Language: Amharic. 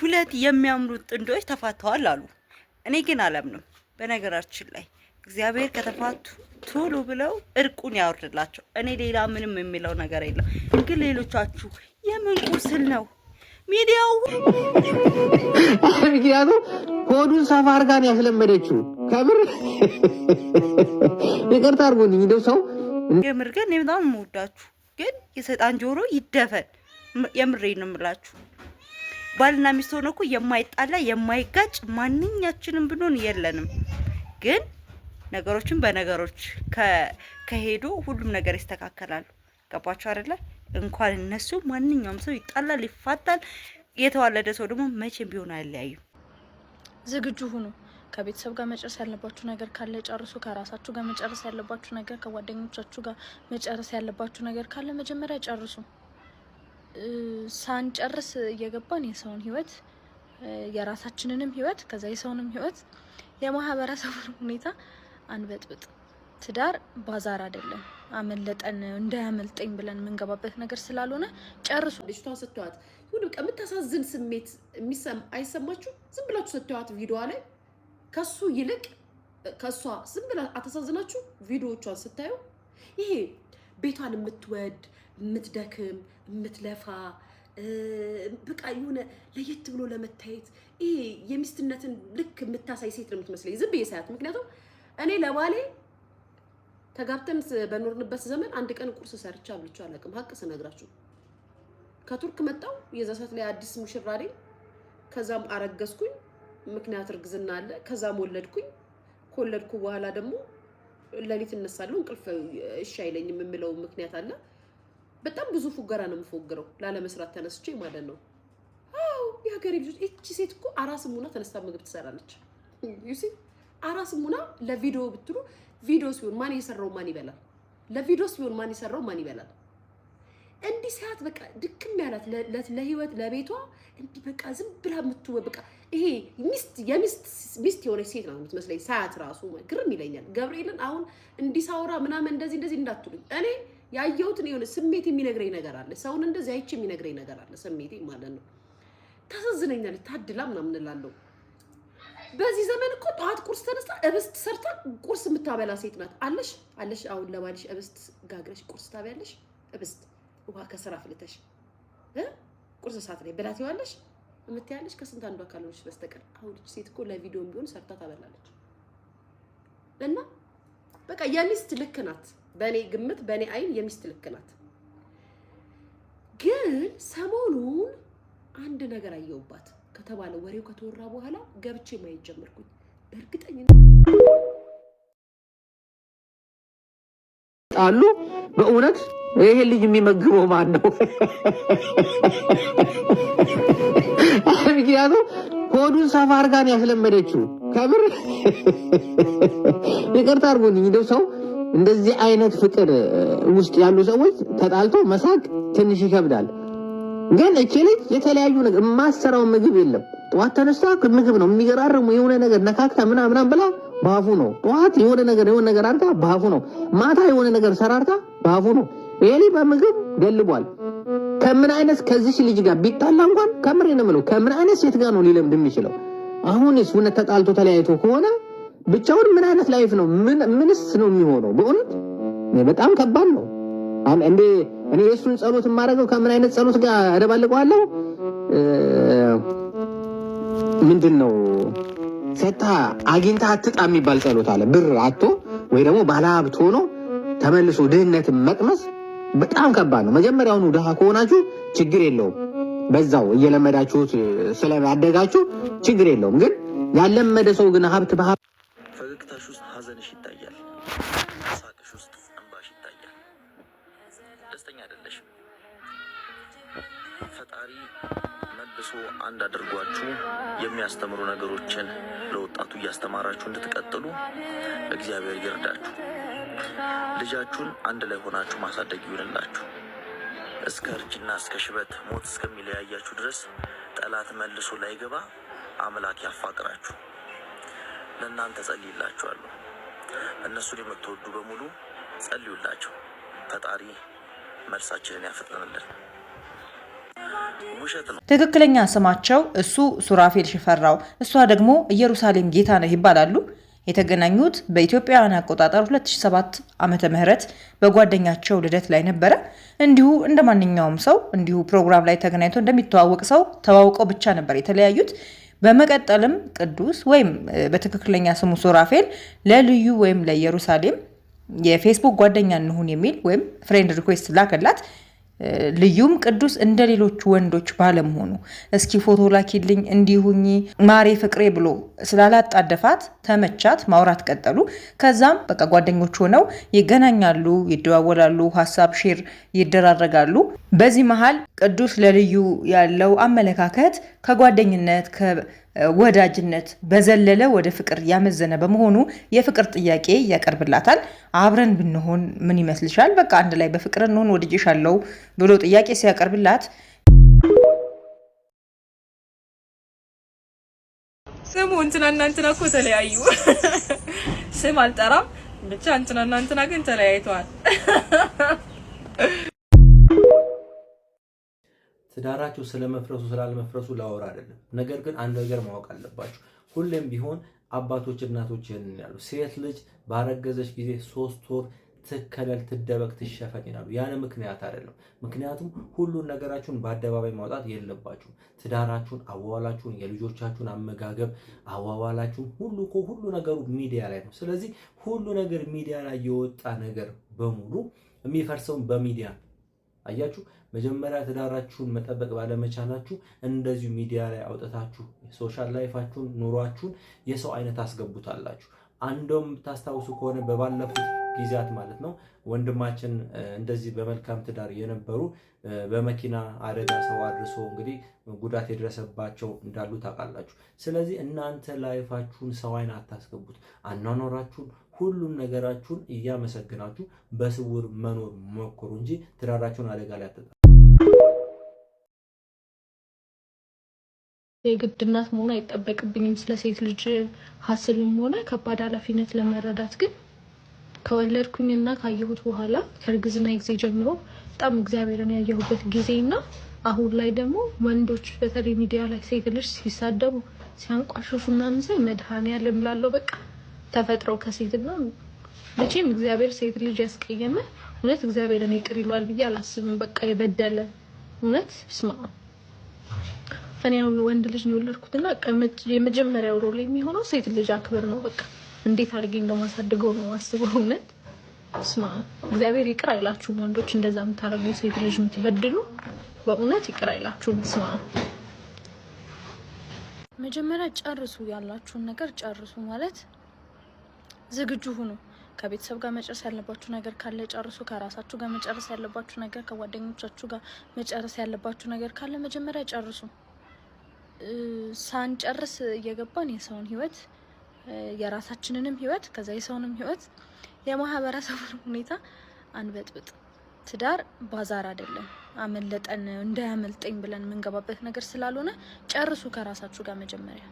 ሁለት የሚያምሩ ጥንዶች ተፋተዋል አሉ። እኔ ግን አላምንም። በነገራችን ላይ እግዚአብሔር ከተፋቱ ቶሎ ብለው እርቁን ያወርድላቸው። እኔ ሌላ ምንም የሚለው ነገር የለም። ግን ሌሎቻችሁ የምን ቁስል ነው ሚዲያው? ምክንያቱም ሆዱን ሰፋ አርጋን ያስለመደችው ከምር ይቅርታ አርጎልኝ እንደው ሰው የምር ግን እኔ በጣም የምወዳችሁ ግን የሰይጣን ጆሮ ይደፈን። የምሬ ነው የምላችሁ። ባልና ሚስት ሆነ እኮ የማይጣላ የማይጋጭ ማንኛችንም ብንሆን የለንም። ግን ነገሮችን በነገሮች ከሄዱ ሁሉም ነገር ይስተካከላሉ። ገባችሁ አይደለ? እንኳን እነሱ ማንኛውም ሰው ይጣላል፣ ይፋታል። የተዋለደ ሰው ደግሞ መቼም ቢሆን አይለያዩም። ዝግጁ ሁኑ። ከቤተሰብ ጋር መጨረስ ያለባችሁ ነገር ካለ ጨርሱ። ከራሳችሁ ጋር መጨረስ ያለባችሁ ነገር፣ ከጓደኞቻችሁ ጋር መጨረስ ያለባችሁ ነገር ካለ መጀመሪያ ጨርሱ። ሳንጨርስ እየገባን የሰውን ህይወት የራሳችንንም ህይወት ከዛ የሰውንም ህይወት የማህበረሰቡን ሁኔታ አንበጥብጥ። ትዳር ባዛር አይደለም። አመለጠን እንዳያመልጠኝ ብለን የምንገባበት ነገር ስላልሆነ ጨርሱ። ልጅቷ ስትዋት ሁሉ የምታሳዝን ስሜት አይሰማችሁ? ዝም ብላችሁ ስትዋት ቪዲዮ ላይ ከሱ ይልቅ ከእሷ ዝም ብላ አታሳዝናችሁ? ቪዲዮዎቿን ስታዩ ይሄ ቤቷን የምትወድ የምትደክም የምትለፋ በቃ የሆነ ለየት ብሎ ለመታየት ይህ የሚስትነትን ልክ የምታሳይ ሴት ነው የምትመስለኝ ዝም ብዬ ሳያት። ምክንያቱም እኔ ለባሌ ተጋብተን በኖርንበት ዘመን አንድ ቀን ቁርስ ሰርቻ አብልቼው አላውቅም። ሀቅ ስነግራችሁ ከቱርክ መጣው የዛ ሰዓት ላይ አዲስ ሙሽራ ነኝ። ከዛም አረገዝኩኝ፣ ምክንያት እርግዝና አለ። ከዛም ወለድኩኝ። ከወለድኩ በኋላ ደግሞ ለሊት እነሳለሁ እንቅልፍ እሺ አይለኝም የምለው ምክንያት አለ። በጣም ብዙ ፉገራ ነው የምፎግረው ላለመስራት ተነስቼ ማለት ነው። አዎ የሀገሬ ልጆች፣ እቺ ሴት እኮ አራስም ሆና ተነስታ ምግብ ትሰራለች። ዩሲ አራስ ሙና ለቪዲዮ ብትሉ ቪዲዮ ሲሆን ማን የሰራው ማን ይበላል? ለቪዲዮ ሲሆን ማን የሰራው ማን ይበላል? እንዲህ ሰዓት በቃ ድክም ያላት ለህይወት ለቤቷ እንዲህ በቃ ዝም ብላ የምትወ በቃ ይሄ ሚስት የሚስት ሚስት የሆነች ሴት ነው የምትመስለኝ። ሰዓት ራሱ ግርም ይለኛል። ገብርኤልን አሁን እንዲህ ሳውራ ምናምን እንደዚህ እንደዚህ እንዳትሉኝ። እኔ ያየሁትን የሆነ ስሜት የሚነግረኝ ነገር አለ። ሰውን እንደዚህ አይቼ የሚነግረኝ ነገር አለ። ስሜቴ ማለት ነው። ታሳዝነኛለች። ታድላ ምናምን እላለሁ። በዚህ ዘመን እኮ ጠዋት ቁርስ ተነስታ እብስት ሰርታ ቁርስ የምታበላ ሴት ናት። አለሽ አለሽ አሁን ለባልሽ እብስት ጋግረሽ ቁርስ ታበያለሽ እብስት ውሃ ከስራ ፍልተሽ ቁርስ ሰዓት ላይ ብላት ይዋለሽ የምትያለሽ ከስንት አንዷ ካልሆነች በስተቀር አሁን ሴት እኮ ለቪዲዮም ቢሆን ሰርታ ታበላለች። እና በቃ የሚስት ልክ ናት፣ በእኔ ግምት፣ በእኔ አይን የሚስት ልክ ናት። ግን ሰሞኑን አንድ ነገር አየውባት ከተባለ ወሬው ከተወራ በኋላ ገብቼ ማየት ጀመርኩኝ። በእርግጠኝነት አሉ በእውነት ይሄ ልጅ የሚመግበው ማን ነው? ምክንያቱም ሆዱን ሰፋ አርጋን ያስለመደችው ከምር ይቅርታ አርጎልኝ እንደው ሰው እንደዚህ አይነት ፍቅር ውስጥ ያሉ ሰዎች ተጣልቶ መሳቅ ትንሽ ይከብዳል። ግን እቺ ልጅ የተለያዩ ነገር የማሰራው ምግብ የለም። ጠዋት ተነስታ ምግብ ነው የሚገራርሙ የሆነ ነገር ነካክታ ምናምናም ብላ ባፉ ነው። ጠዋት የሆነ ነገር የሆነ ነገር አርታ ባፉ ነው። ማታ የሆነ ነገር ሰራርታ ባፉ ነው። ኤሊ በምግብ ገልቧል ከምን አይነት ከዚች ልጅ ጋር ቢጣላ እንኳን ከምሬ ነው የምለው ከምን አይነት ሴት ጋር ነው ሊለምድ የሚችለው? አሁንስ እውነት ተጣልቶ ተለያይቶ ከሆነ ብቻውን ምን አይነት ላይፍ ነው? ምንስ ነው የሚሆነው? በእውነት በጣም ከባድ ነው። እንዴ እኔ የእሱን ጸሎት የማደርገው ከምን አይነት ጸሎት ጋር እደባልቀዋለሁ? ምንድን ነው ሴታ አግኝታ አትጣ የሚባል ጸሎት አለ። ብር አቶ ወይ ደግሞ ባለሀብት ሆኖ ተመልሶ ድህነትን መቅመስ በጣም ከባድ ነው። መጀመሪያውኑ ድሃ ከሆናችሁ ችግር የለውም በዛው እየለመዳችሁት ስለሚያደጋችሁ ችግር የለውም። ግን ያለመደ ሰው ግን ሀብት በሀብት ፈገግታሽ ውስጥ ሀዘንሽ ይታያል፣ ሳቅሽ ውስጥ እንባሽ ይታያል። ደስተኛ አይደለሽ። ፈጣሪ መልሶ አንድ አድርጓችሁ የሚያስተምሩ ነገሮችን ለወጣቱ እያስተማራችሁ እንድትቀጥሉ እግዚአብሔር ይርዳችሁ። ልጃችሁን አንድ ላይ ሆናችሁ ማሳደግ ይሁንላችሁ። እስከ እርጅና እስከ ሽበት ሞት እስከሚለያያችሁ ድረስ ጠላት መልሶ ላይገባ አምላክ ያፋቅራችሁ። ለእናንተ ጸልይላችኋለሁ። እነሱን የምትወዱ በሙሉ ጸልዩላቸው። ፈጣሪ መልሳችንን ያፈጥንልን። ትክክለኛ ስማቸው እሱ ሱራፌል ሽፈራው፣ እሷ ደግሞ ኢየሩሳሌም ጌታ ነው ይባላሉ። የተገናኙት በኢትዮጵያውያን አቆጣጠር 2007 ዓመተ ምህረት በጓደኛቸው ልደት ላይ ነበረ። እንዲሁ እንደ ማንኛውም ሰው እንዲሁ ፕሮግራም ላይ ተገናኝቶ እንደሚተዋወቅ ሰው ተዋውቀው ብቻ ነበር የተለያዩት። በመቀጠልም ቅዱስ ወይም በትክክለኛ ስሙ ሱራፌል ለልዩ ወይም ለኢየሩሳሌም የፌስቡክ ጓደኛ እንሁን የሚል ወይም ፍሬንድ ሪኩዌስት ላከላት። ልዩም ቅዱስ እንደ ሌሎች ወንዶች ባለመሆኑ እስኪ ፎቶ ላኪልኝ እንዲሁኝ ማሬ ፍቅሬ ብሎ ስላላጣደፋት ተመቻት። ማውራት ቀጠሉ። ከዛም በቃ ጓደኞች ሆነው ይገናኛሉ፣ ይደዋወላሉ፣ ሀሳብ ሼር ይደራረጋሉ። በዚህ መሀል ቅዱስ ለልዩ ያለው አመለካከት ከጓደኝነት ወዳጅነት በዘለለ ወደ ፍቅር ያመዘነ በመሆኑ የፍቅር ጥያቄ ያቀርብላታል። አብረን ብንሆን ምን ይመስልሻል? በቃ አንድ ላይ በፍቅር እንሆን ወድጄሻለሁ ብሎ ጥያቄ ሲያቀርብላት ስሙ እንትናና እንትና እኮ ተለያዩ። ስም አልጠራም ብቻ እንትናና እንትና ግን ተለያይተዋል። ትዳራችሁ ስለመፍረሱ ስላልመፍረሱ ላወራ አይደለም። ነገር ግን አንድ ነገር ማወቅ አለባችሁ። ሁሌም ቢሆን አባቶች፣ እናቶች ይህንን ያሉ ሴት ልጅ ባረገዘች ጊዜ ሶስት ወር ትከለል፣ ትደበቅ፣ ትሸፈን ይላሉ። ያን ምክንያት አይደለም። ምክንያቱም ሁሉን ነገራችሁን በአደባባይ ማውጣት የለባችሁም። ትዳራችሁን፣ አዋዋላችሁን፣ የልጆቻችሁን አመጋገብ፣ አዋዋላችሁን ሁሉ እኮ ሁሉ ነገሩ ሚዲያ ላይ ነው። ስለዚህ ሁሉ ነገር ሚዲያ ላይ የወጣ ነገር በሙሉ የሚፈርሰውን በሚዲያ አያችሁ መጀመሪያ ትዳራችሁን መጠበቅ ባለመቻላችሁ እንደዚሁ ሚዲያ ላይ አውጥታችሁ ሶሻል ላይፋችሁን ኑሯችሁን የሰው አይነት አስገቡታላችሁ። አንዶም ታስታውሱ ከሆነ በባለፉት ጊዜያት ማለት ነው ወንድማችን እንደዚህ በመልካም ትዳር የነበሩ በመኪና አደጋ ሰው አድርሶ እንግዲህ ጉዳት የደረሰባቸው እንዳሉ ታውቃላችሁ። ስለዚህ እናንተ ላይፋችሁን ሰው አይን አታስገቡት። አኗኗራችሁን ሁሉም ነገራችሁን እያመሰግናችሁ በስውር መኖር ሞክሩ እንጂ ትዳራችሁን አደጋ ላይ የግድ እናት መሆን አይጠበቅብኝም። ስለ ሴት ልጅ ሀስብም ሆነ ከባድ ኃላፊነት ለመረዳት ግን ከወለድኩኝ እና ካየሁት በኋላ ከእርግዝና ጊዜ ጀምሮ በጣም እግዚአብሔርን ያየሁበት ጊዜ እና አሁን ላይ ደግሞ ወንዶች በተለይ ሚዲያ ላይ ሴት ልጅ ሲሳደቡ ሲያንቋሽሹ ምናምን ሳይ መድኃኔዓለም ላለው በቃ ተፈጥሮ ከሴትና መቼም እግዚአብሔር ሴት ልጅ ያስቀየመ እውነት እግዚአብሔርን ይቅር ይሏል ብዬ አላስብም። በቃ የበደለ እውነት ስማ እኔ ወንድ ልጅ ነው የወለድኩትና የመጀመሪያው ሮል የሚሆነው ሴት ልጅ አክብር ነው። በቃ እንዴት አድርጌ እንደማሳድገው ነው አስበው። እውነት ስማ፣ እግዚአብሔር ይቅር አይላችሁም ወንዶች፣ እንደዛ የምታደርጉ ሴት ልጅ የምትበድሉ በእውነት ይቅር አይላችሁም። ስማ፣ መጀመሪያ ጨርሱ፣ ያላችሁን ነገር ጨርሱ። ማለት ዝግጁ ሁኑ። ከቤተሰብ ጋር መጨረስ ያለባችሁ ነገር ካለ ጨርሱ። ከራሳችሁ ጋር መጨረስ ያለባችሁ ነገር፣ ከጓደኞቻችሁ ጋር መጨረስ ያለባችሁ ነገር ካለ መጀመሪያ ጨርሱ። ሳንጨርስ እየገባን የሰውን ህይወት የራሳችንንም ህይወት ከዛ የሰውንም ህይወት የማህበረሰቡን ሁኔታ አንበጥብጥ። ትዳር ባዛር አይደለም። አመለጠን እንዳያመልጠኝ ብለን የምንገባበት ነገር ስላልሆነ ጨርሱ ከራሳችሁ ጋር መጀመሪያ